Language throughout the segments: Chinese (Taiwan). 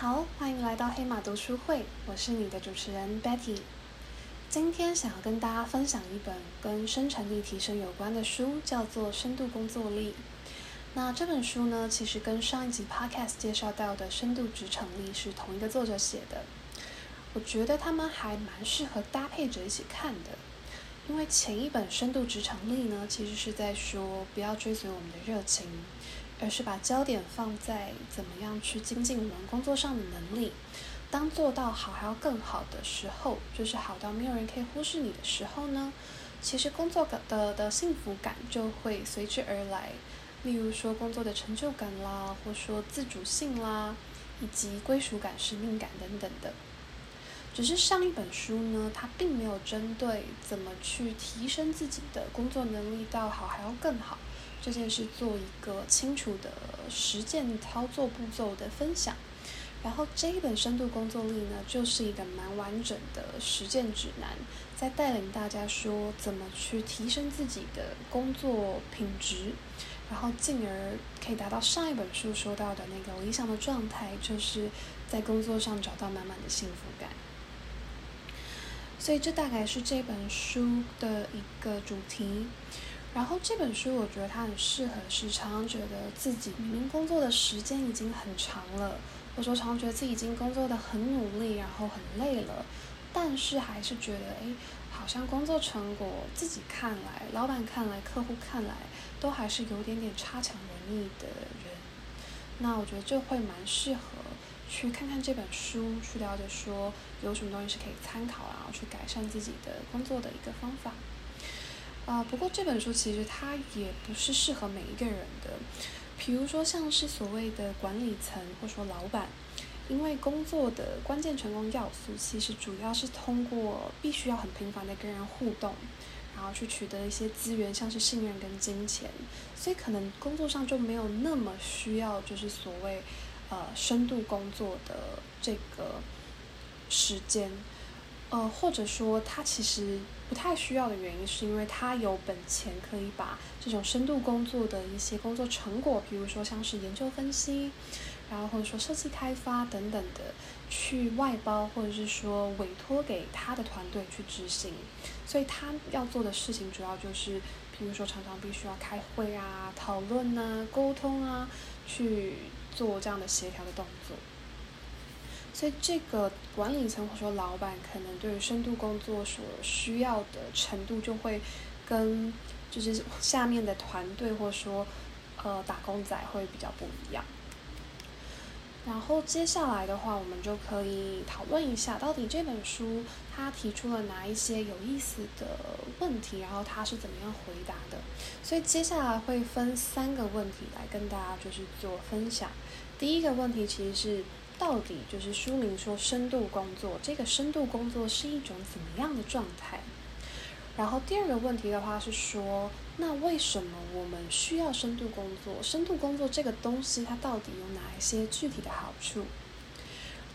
好，歡迎來到黑馬讀書會，我是你的主持人 Betty。今天想要跟大家分享一本跟生產力提升有關的書，叫做《深度工作力》。那這本書呢，其實跟上一集 Podcast 介紹到的《深度職場力》是同一個作者寫的。我覺得他們還蠻適合搭配着一起看的，因為前一本《深度職場力》呢，其實是在說不要追隨我們的熱情。而是把焦點放在怎麼樣去精進我們工作上的能力。當做到好還要更好的時候，就是好到沒有人可以忽視你的時候呢，其實工作的的的幸福感就會隨之而來，例如說工作的成就感啦，或說自主性啦，以及歸屬感、使命感等等的。只是上一本書呢，它並沒有針對怎麼去提升自己的工作能力到好還要更好這件事做一個清楚的實踐操作步驟的分享，然後這一本深度工作力呢，就是一個蠻完整的實踐指南，在帶領大家說怎麼去提升自己的工作品質，然後進而可以達到上一本書說到的那個理想的狀態，就是在工作上找到滿滿的幸福感。所以這大概是這本書的一個主題。然後這本書，我覺得它很適合是常常覺得自己明明工作的時間已經很長了，或者、嗯、說常常覺得自己已經工作的很努力，然後很累了，但是還是覺得，哎，好像工作成果自己看來、老闆看來、客戶看來，都還是有點點差強人意的人。那我覺得這會蠻適合去看看這本書，去了解說有什麼東西是可以參考，然後去改善自己的工作的一個方法。啊、呃，不過這本書其實它也不是適合每一個人的，比如說像是所謂的管理層或者說老闆，因為工作的關鍵成功要素其實主要是通過必須要很頻繁的跟人互動，然後去取得一些資源，像是信任跟金錢，所以可能工作上就沒有那麼需要就是所謂呃深度工作的這個時間，呃或者說它其實。不太需要的原因，是因為他有本錢可以把這種深度工作的一些工作成果，比如說像是研究分析，然後或者說設計開發等等的，去外包或者是說委託給他的團隊去執行。所以他要做的事情主要就是，比如說常常必須要開會啊、討論啊、溝通啊，去做這樣的協調的動作。所以這個管理層，或者說老闆，可能對於深度工作所需要的程度，就會跟就是下面的團隊，或者說呃打工仔，會比較不一樣。然後接下來的話，我們就可以討論一下，到底這本書他提出了哪一些有意思的問題，然後他是怎麼樣回答的。所以接下來會分三個問題來跟大家就是做分享。第一個問題其實是。到底就是說明說“深度工作”，這個“深度工作”是一種怎麼樣的狀態？然後第二個問題的話是說，那為什麼我們需要深度工作？深度工作這個東西它到底有哪一些具體的好處？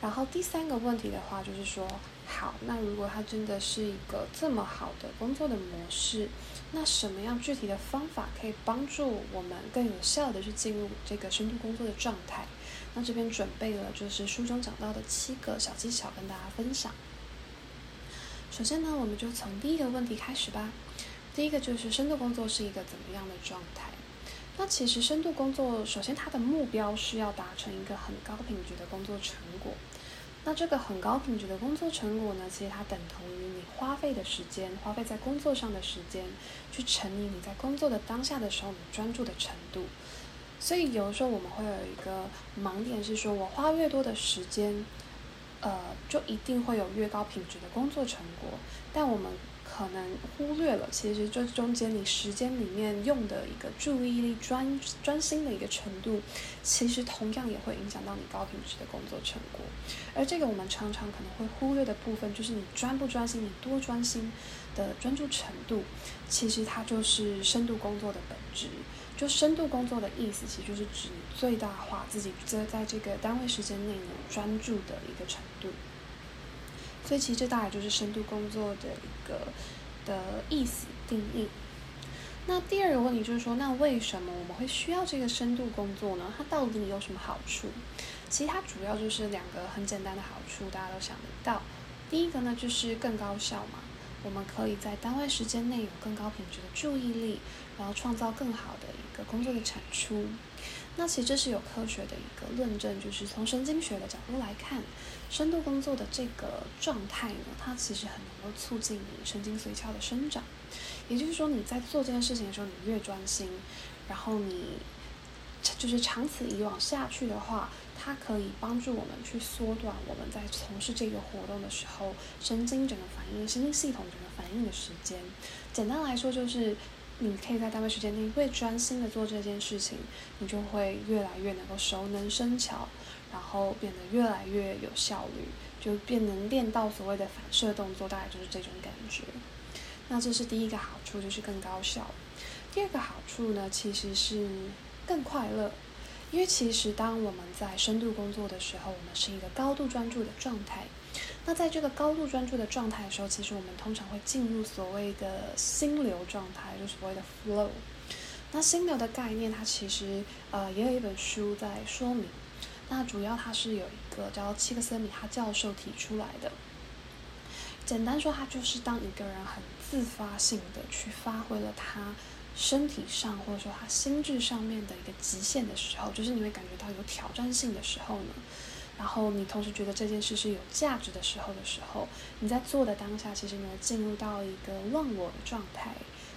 然後第三個問題的話就是說，好，那如果它真的是一個這麼好的工作的模式，那什麼樣具體的方法可以幫助我們更有效地去進入這個深度工作的狀態？那這邊準備了，就是書中講到的七個小技巧跟大家分享。首先呢，我們就從第一個問題開始吧。第一個就是深度工作是一個怎麼樣的狀態？那其實深度工作，首先它的目標是要達成一個很高品質的工作成果。那這個很高品質的工作成果呢，其實它等同於你花費的時間，花費在工作上的時間，去乘以你在工作的當下的時候，你專注的程度。所以有的時候我們會有一個盲點，是說我花越多的時間，呃，就一定會有越高品質的工作成果。但我們可能忽略了，其實這中間你時間裡面用的一個注意力專專心的一個程度，其實同樣也會影響到你高品質的工作成果。而這個我們常常可能會忽略的部分，就是你專不專心，你多專心的專注程度，其實它就是深度工作的本質。就深度工作的意思，其實就是指最大化自己在在這個單位時間內呢專注的一個程度。所以其實這大概就是深度工作的一個的意思定義。那第二個問題就是說，那為什麼我們會需要這個深度工作呢？它到底有什麼好處？其實它主要就是兩個很簡單的好處，大家都想得到。第一個呢，就是更高效嘛。我們可以在單位時間內有更高品質的注意力，然後創造更好的一個工作的產出。那其實這是有科學的一個論證，就是從神經學的角度來看，深度工作的這個狀態呢，它其實很能夠促進你神經髓鞘的生長。也就是說，你在做這件事情的時候，你越專心，然後你就是長此以往下去的話。它可以幫助我們去縮短我們在從事這個活動的時候，神經整個反應、神經系統整個反應的時間。簡單來說，就是你可以在單位時間內越專心的做這件事情，你就會越來越能夠熟能生巧，然後變得越來越有效率，就變能練到所謂的反射動作，大概就是這種感覺。那這是第一個好處，就是更高效。第二個好處呢，其實是更快樂。因為其實當我們在深度工作的時候，我們是一個高度專注的狀態。那在這個高度專注的狀態的時候，其實我們通常會進入所謂的“心流”狀態，就是所謂的 “flow”。那“心流”的概念，它其實呃也有一本書在說明。那主要它是有一個叫契克森米哈教授提出來的。簡單說，它就是當一個人很自發性的去發揮了他。身體上或者說他心智上面的一個極限的時候，就是你會感覺到有挑戰性的時候呢，然後你同時覺得這件事是有價值的時候的時候，你在做的當下，其實呢，進入到一個忘我的狀態，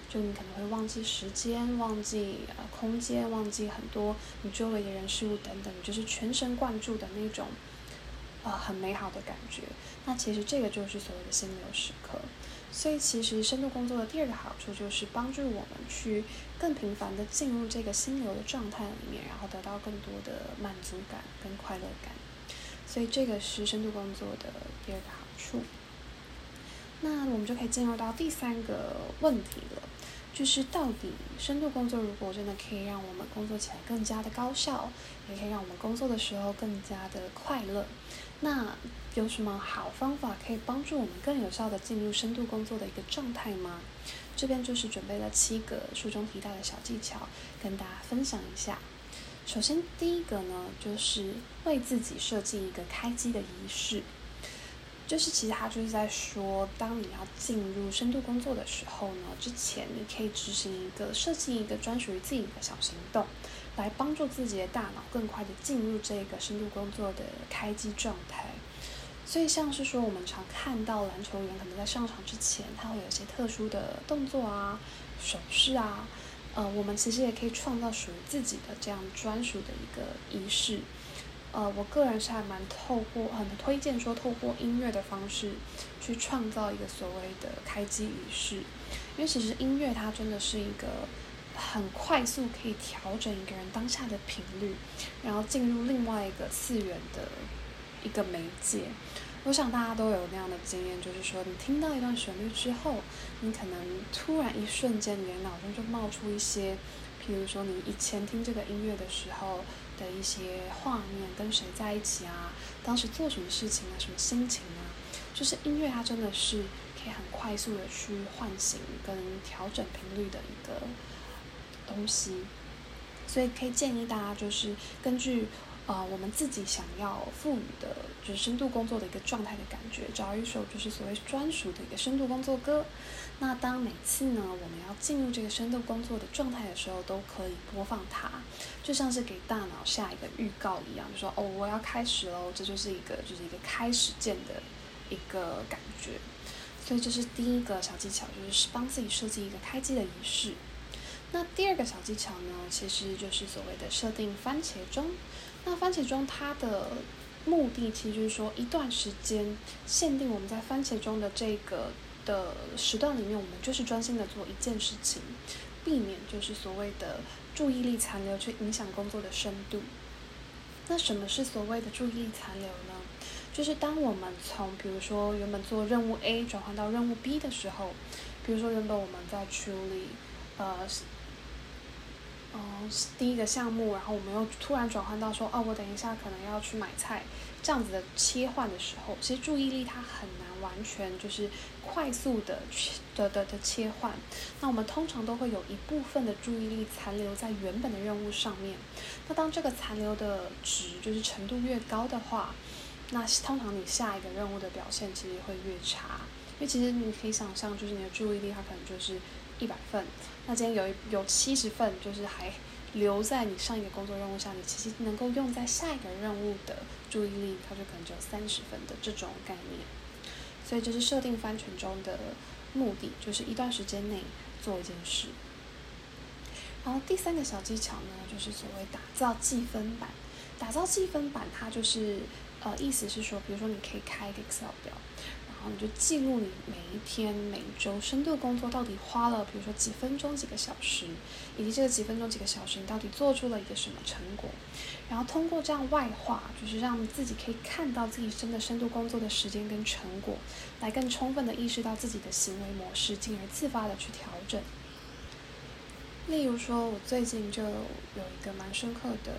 就你可能會忘記時間、忘記呃空間、忘記很多你周圍的人事物等等，就是全神貫注的那種，呃很美好的感覺。那其實這個就是所謂的心流時刻。所以，其實深度工作的第二個好處就是幫助我們去更頻繁的進入這個心流的狀態裡面，然後得到更多的滿足感跟快樂感。所以，這個是深度工作的第二個好處。那我們就可以進入到第三個問題了。就是到底深度工作如果真的可以讓我們工作起來更加的高效，也可以讓我們工作的時候更加的快樂。那有什麼好方法可以幫助我們更有效地進入深度工作的一個狀態嗎？這邊就是準備了七個書中提到的小技巧，跟大家分享一下。首先第一個呢，就是為自己設計一個開機的儀式。就是其實他就是在說，當你要進入深度工作的時候呢，之前你可以執行一個設計一個專屬於自己的小行動，來幫助自己的大腦更快的進入這個深度工作的開機狀態。所以像是說，我們常看到籃球員可能在上場之前，他會有一些特殊的動作啊、手勢啊，呃，我們其實也可以創造屬於自己的這樣專屬的一個儀式。呃，我個人是還蠻透過，很推薦說透過音樂的方式去創造一個所謂的開機儀式，因為其實音樂它真的是一個很快速可以調整一個人當下的頻率，然後進入另外一個次元的一個媒介。我想大家都有那樣的經驗，就是說你聽到一段旋律之後，你可能突然一瞬間你的腦中就冒出一些，譬如說你以前聽這個音樂的時候。的一些畫面，跟誰在一起啊？當時做什麼事情啊？什麼心情啊？就是音樂，它真的是可以很快速的去喚醒跟調整頻率的一個東西，所以可以建議大家，就是根據。啊、呃，我們自己想要賦予的，就是深度工作的一個狀態的感覺。找一首就是所謂專屬的一個深度工作歌。那當每次呢，我們要進入這個深度工作的狀態的時候，都可以播放它，就像是給大腦下一個預告一樣，就是、說哦，我要開始嘍，這就是一個就是一個開始鍵的一個感覺。所以這是第一個小技巧，就是幫自己設計一個開機的儀式。那第二個小技巧呢，其實就是所謂的設定番茄鐘。那番茄鐘它的目的，其實就是說，一段時間限定我們在番茄鐘的這個的時段裡面，我們就是專心的做一件事情，避免就是所謂的注意力殘留，去影響工作的深度。那什麼是所謂的注意力殘留呢？就是當我們從比如說原本做任務 A 轉換到任務 B 的時候，比如說原本我們在處理呃。哦，第一個項目，然後我們又突然轉換到說，哦，我等一下可能要去買菜，這樣子的切換的時候，其實注意力它很難完全就是快速的切的的的切換。那我們通常都會有一部分的注意力殘留在原本的任務上面。那當這個殘留的值就是程度越高的話，那通常你下一個任務的表現其實會越差。因為其實你可以想象，就是你的注意力它可能就是一百份。那今天有有七十份，就是還留在你上一個工作任務上，你其實能夠用在下一個任務的注意力，它就可能只有三十分的這種概念。所以就是設定番茄鐘的目的，就是一段時間內做一件事。然後第三個小技巧呢，就是所謂打造計分板。打造計分板，它就是呃，意思是說，比如說你可以開一個 Excel 表。你就記錄你每一天、每周深度工作到底花了，比如說幾分鐘、幾個小時，以及這個幾分鐘、幾個小時你到底做出了一個什麼成果。然後通過這樣外化，就是讓自己可以看到自己真的深度工作的時間跟成果，來更充分的意識到自己的行為模式，進而自發的去調整。例如說，我最近就有一個蠻深刻的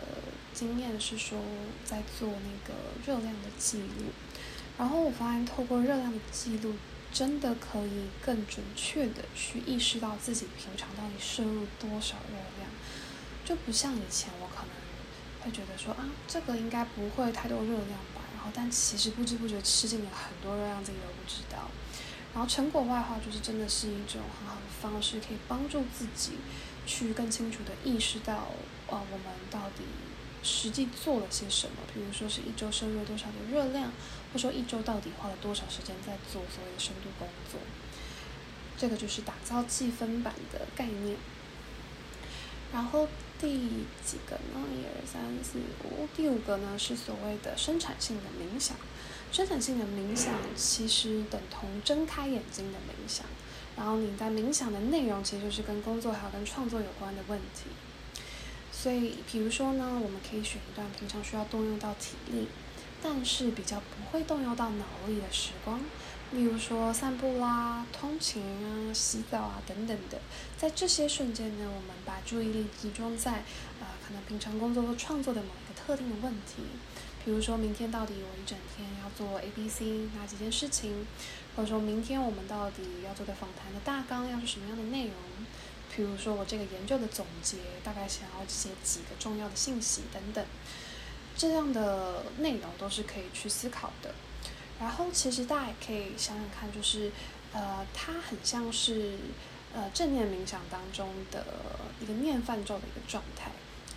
經驗，是說在做那個熱量的記錄。然後我發現，透過熱量的記錄，真的可以更準確的去意識到自己平常到底攝入多少熱量，就不像以前我可能會覺得說啊，這個應該不會太多熱量吧。然後，但其實不知不覺吃進了很多熱量，自己都不知道。然後成果外化就是真的是一種很好的方式，可以幫助自己去更清楚的意識到，呃，我們到底實際做了些什麼。比如說，是一週攝入多少的熱量。不說一周到底花了多少時間在做所謂的深度工作，這個就是打造計分板的概念。然後第幾個呢？一二三四五，第五個呢是所謂的生產性的冥想。生產性的冥想其實等同睜開眼睛的冥想，然後你在冥想的內容其實就是跟工作還有跟創作有關的問題。所以比如說呢，我們可以選一段平常需要動用到體力，但是比較不會動用到腦力的時光，例如說散步啦、啊、通勤啊、洗澡啊等等的，在這些瞬間呢，我們把注意力集中在，呃，可能平常工作或創作的某一個特定的問題，比如說明天到底我一整天要做 A、B、C 哪幾件事情，或者說明天我們到底要做的訪談的大綱要是什麼樣的內容，比如說我這個研究的總結大概想要寫幾個重要的信息等等。這樣的內容都是可以去思考的。然後，其實大家也可以想想看，就是呃，它很像是呃正念冥想當中的一個念梵咒的一個狀態。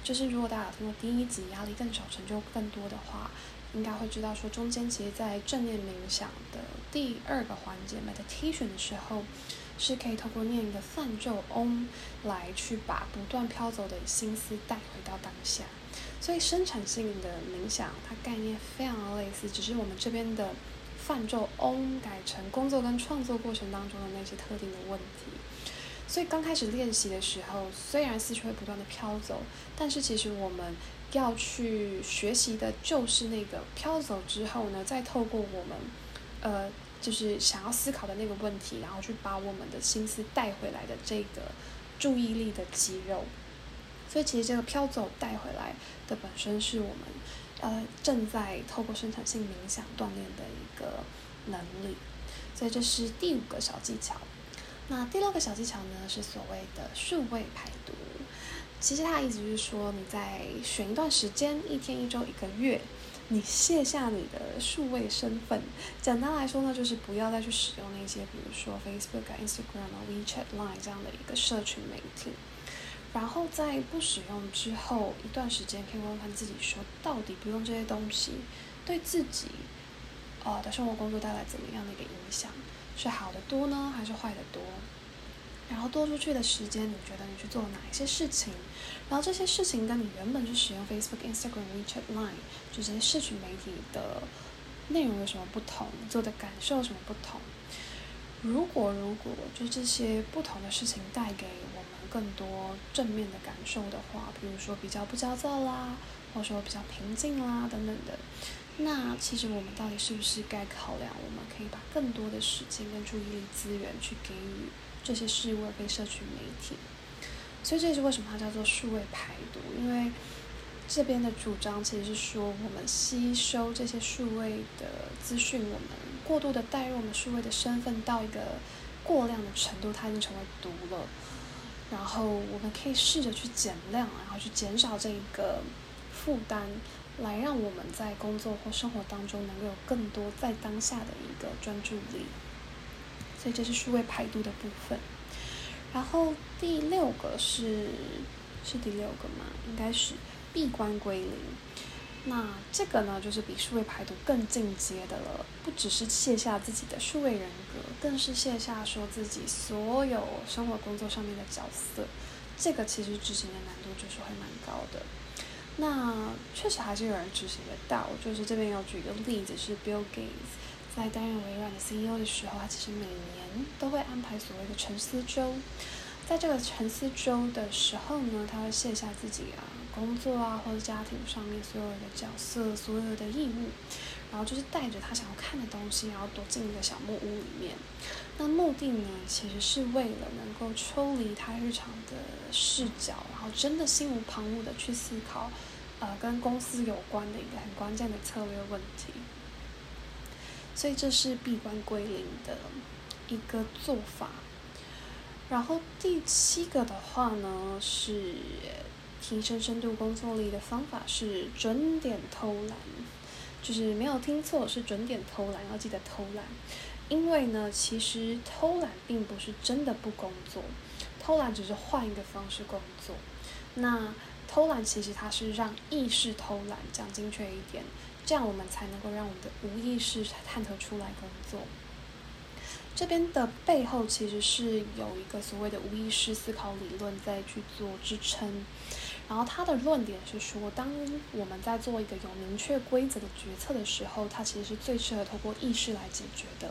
就是如果大家有聽過第一集“壓力更少，成就更多”的話，應該會知道說，中間其實在正念冥想的第二個環節 meditation 的時候，是可以通過念一個梵咒嗡來去把不斷飄走的心思帶回到當下。所以生產性的冥想，它概念非常類似，只是我們這邊的梵咒嗡改成工作跟創作過程當中的那些特定的問題。所以剛開始練習的時候，雖然思緒會不斷的飄走，但是其實我們要去學習的就是那個飄走之後呢，再透過我們呃，就是想要思考的那個問題，然後去把我們的心思帶回來的這個注意力的肌肉。所以其實這個飄走帶回來的本身是我們呃正在透過生產性冥想鍛鍊的一個能力，所以這是第五個小技巧。那第六個小技巧呢是所謂的數位排毒。其實它的意思就是說，你在選一段時間，一天、一周、一個月，你卸下你的數位身份。簡單來說呢，就是不要再去使用那些，比如說 Facebook 啊、Instagram 啊、WeChat、Line 這樣的一個社群媒體。然後在不使用之後一段時間，可以問問自己說：說到底，不用這些東西，對自己、呃、的生活工作帶來怎麼樣的一個影響？是好的多呢，還是壞的多？然後多出去的時間，你覺得你去做哪一些事情？然後這些事情跟你原本去使用 Facebook、Instagram、WeChat、Line 就這些社群媒體的內容有什麼不同？做的感受有什麼不同？如果如果就這些不同的事情帶給我。更多正面的感受的話，比如說比較不焦躁啦，或者說比較平靜啦等等的，那其實我們到底是不是該考量，我們可以把更多的時間跟注意力資源去給予這些事物，被社群媒體？所以這也是為什麼它叫做數位排毒，因為這邊的主張其實是說，我們吸收這些數位的資訊，我們過度的帶入我們數位的身份到一個過量的程度，它已經成為毒了。然後我們可以試着去減量，然後去減少這個負擔，來讓我們在工作或生活當中能夠有更多在當下的一個專注力。所以這就是數位排毒的部分。然後第六個是，是第六個嗎？應該是閉關歸零。那這個呢，就是比數位排毒更進階的了，不只是卸下自己的數位人格，更是卸下說自己所有生活、工作上面的角色。這個其實執行的難度就是會蠻高的。那確實還是有人執行得到，就是這邊要舉一個例子，是 Bill Gates 在擔任微軟的 CEO 的時候，他其實每年都會安排所謂的沉思周。在這個沉思周的時候呢，他會卸下自己啊。工作啊，或者家庭上面所有的角色、所有的義務，然後就是帶着他想要看的東西，然後躲進一個小木屋裡面。那目的呢，其實是為了能夠抽離他日常的視角，然後真的心無旁騖的去思考，呃，跟公司有關的一個很關鍵的策略問題。所以這是閉關歸零的一個做法。然後第七個的話呢是。提升深度工作力的方法是準點偷懶，就是沒有聽錯，是準點偷懶。要記得偷懶，因為呢，其實偷懶並不是真的不工作，偷懶只是換一個方式工作。那偷懶其實它是讓意識偷懶，講精確一點，這樣我們才能夠讓我們的無意識探頭出來工作。這邊的背後其實是有一個所謂的無意識思考理論在去做支撐。然後他的論點是說，當我們在做一個有明確規則的決策的時候，它其實是最適合透過意識來解決的，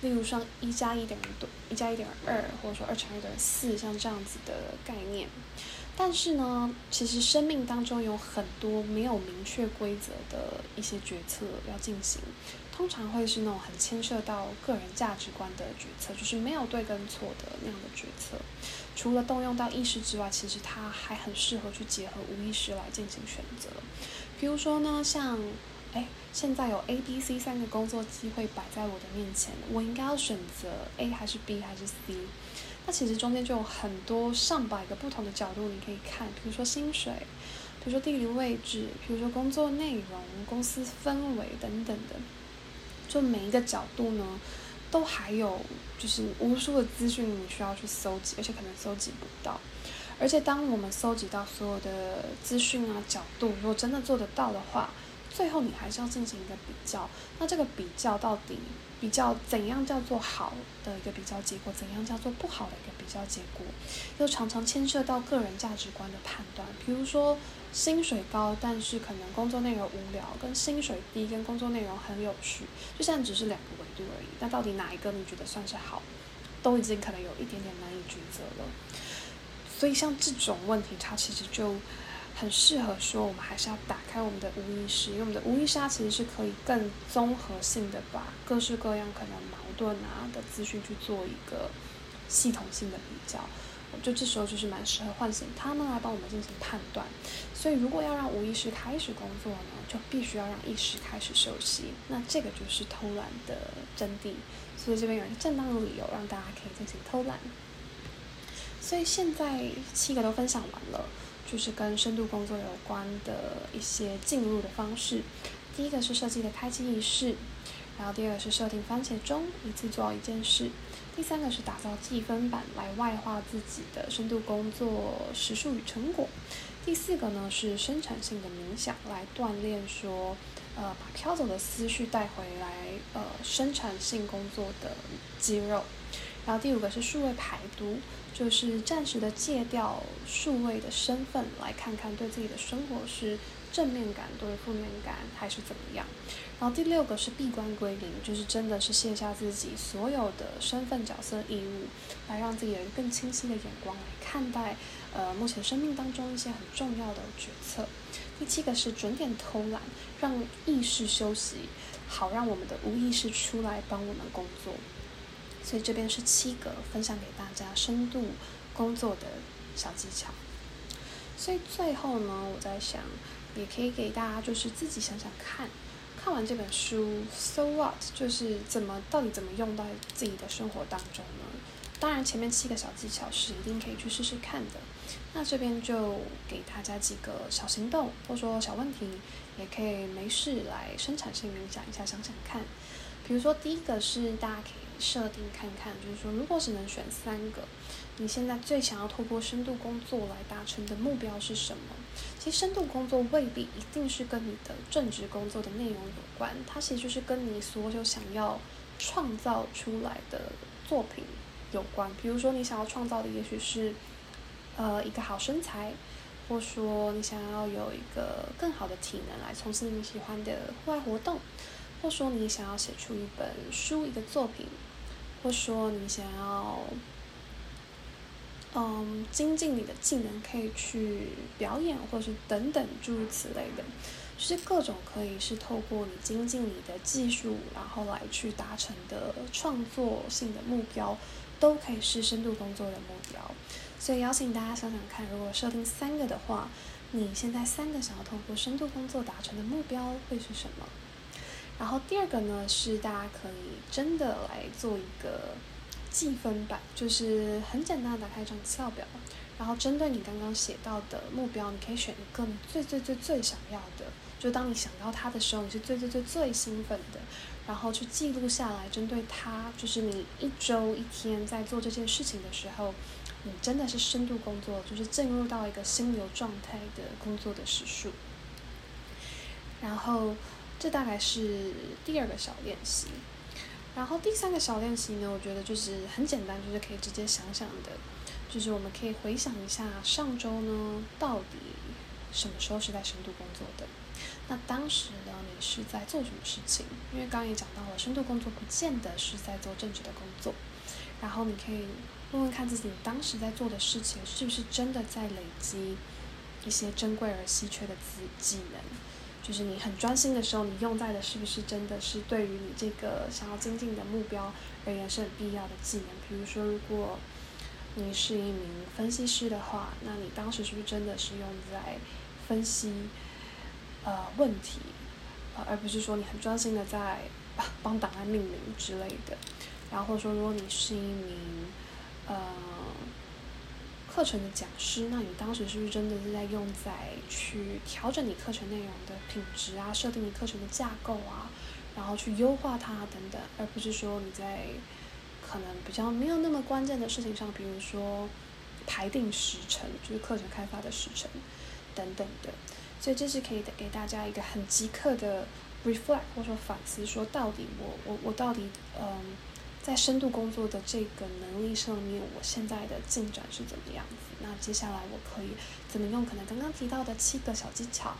例如像一加一點多、一加一點二，2, 或者說二乘二等於四，像這樣子的概念。但是呢，其實生命當中有很多沒有明確規則的一些決策要進行。通常會是那種很牽涉到個人價值觀的決策，就是沒有對跟錯的那樣的決策。除了動用到意識之外，其實它還很適合去結合無意識來進行選擇。比如說呢，像誒，哎，現在有 A、B、C 三個工作機會擺在我的面前，我應該要選擇 A 還是 B 還是 C？那其實中間就有很多上百個不同的角度你可以看，比如說薪水，比如說地理位置，比如說工作內容、公司氛圍等等的。就每一個角度呢，都還有就是無數的資訊你需要去搜集，而且可能搜集不到。而且當我們搜集到所有的資訊啊角度，如果真的做得到的話，最後你還是要進行一個比較。那這個比較到底比較怎樣叫做好的一個比較結果，怎樣叫做不好的一個比較結果，又常常牽涉到個人價值觀的判斷，比如說。薪水高，但是可能工作內容無聊；跟薪水低，跟工作內容很有趣，就像只是兩個維度而已。那到底哪一個你覺得算是好？都已經可能有一點點難以抉擇了。所以像這種問題，它其實就很適合說，我們還是要打開我們的無意識，因為我們的無意識它其實是可以更綜合性的把各式各樣可能矛盾啊的資訊去做一個系統性的比較。就這時候就是蠻適合喚醒他們來幫我們進行判斷，所以如果要讓無意識開始工作呢，就必須要讓意識開始休息。那這個就是偷懶的真諦，所以這邊有一個正當的理由讓大家可以進行偷懶。所以現在七個都分享完了，就是跟深度工作有關的一些進入的方式。第一個是設計的開機儀式，然後第二個是設定番茄鐘，一次做一件事。第三個是打造記分板，來外化自己的深度工作時數與成果。第四個呢是生產性的冥想，來鍛鍊說，呃，把飄走的思緒帶回來，呃，生產性工作的肌肉。然後第五個是數位排毒，就是暫時的戒掉數位的身份，來看看對自己的生活是正面感多於負面感，還是怎麼樣？然後第六個是閉關歸零，就是真的是卸下自己所有的身份角色、義務，來讓自己有更清晰的眼光來看待，呃，目前生命當中一些很重要的決策。第七個是準點偷懶，讓意識休息，好讓我們的無意識出來幫我們工作。所以這邊是七個分享給大家深度工作的小技巧。所以最後呢，我在想。也可以給大家就是自己想想看，看完這本書，So what？就是怎麼到底怎麼用到自己的生活當中呢？當然前面七個小技巧是一定可以去試試看的。那這邊就給大家幾個小行動，或者說小問題，也可以沒事來生產性冥想一下，想想看。比如說第一個是大家可以設定看看，就是說如果只能選三個，你現在最想要透過深度工作來達成的目標是什麼？其實深度工作未必一定是跟你的正職工作的內容有關，它其實就是跟你所有想要創造出來的作品有關。比如說，你想要創造的也許是，呃，一個好身材，或說你想要有一個更好的體能來從事你喜歡的戶外活動，或說你想要寫出一本書、一個作品，或說你想要。嗯，精進你的技能，可以去表演，或者是等等諸如此類的，其實各種可以是透過你精進你的技術，然後來去達成的創作性的目標，都可以是深度工作的目標。所以邀請大家想想看，如果設定三個的話，你現在三個想要透過深度工作達成的目標會是什麼？然後第二個呢，是大家可以真的來做一個。計分板就是很簡單的，打開一張績效表，然後針對你剛剛寫到的目標，你可以選一個你最最最最想要的。就當你想到它的時候，你是最、最最最最興奮的，然後去記錄下來。針對它，就是你一周一天在做這件事情的時候，你真的是深度工作，就是進入到一個心流狀態的工作的時數。然後，這大概是第二個小練習。然後第三個小練習呢，我覺得就是很簡單，就是可以直接想想的，就是我們可以回想一下上周呢，到底什麼時候是在深度工作的，那當時呢，你是在做什麼事情？因為剛剛也講到了，深度工作不見得是在做正職的工作，然後你可以問問看自己當時在做的事情是不是真的在累積一些珍貴而稀缺的技能。就是你很專心的時候，你用在的是不是真的是對於你這個想要精進的目標而言是很必要的技能？比如說，如果你是一名分析師的話，那你當時是不是真的是用在分析呃問題呃，而不是說你很專心的在幫檔案命名之類的？然後說，如果你是一名呃。課程的講師，那你當時是不是真的是在用在去調整你課程內容的品質啊，設定你課程的架構啊，然後去優化它等等，而不是說你在可能比較沒有那麼關鍵的事情上，比如說排定時程，就是課程開發的時程等等的。所以這是可以給大家一個很即刻的 reflect，或者說反思，說到底我我我到底嗯。在深度工作的這個能力上面，我現在的進展是怎麼樣子？那接下來我可以怎麼用可能剛剛提到的七個小技巧，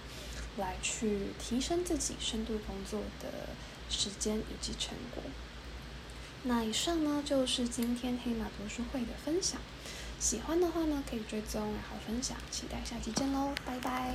來去提升自己深度工作的時間以及成果？那以上呢就是今天黑馬讀書會的分享。喜歡的話呢，可以追蹤然後分享，期待下期見嘍，拜拜。